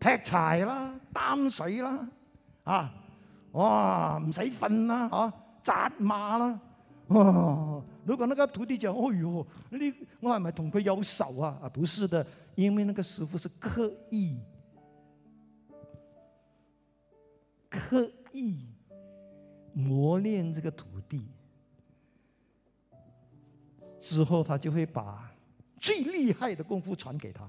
劈柴啦，擔水啦，啊，哇，唔使瞓啦，啊，扎馬啦，啊，如果那個徒弟講，哎喲，你我係咪同佢有仇啊？啊，不是的，因為那個師傅是刻意刻意磨練這個徒弟，之後他就會把最厲害的功夫傳給他。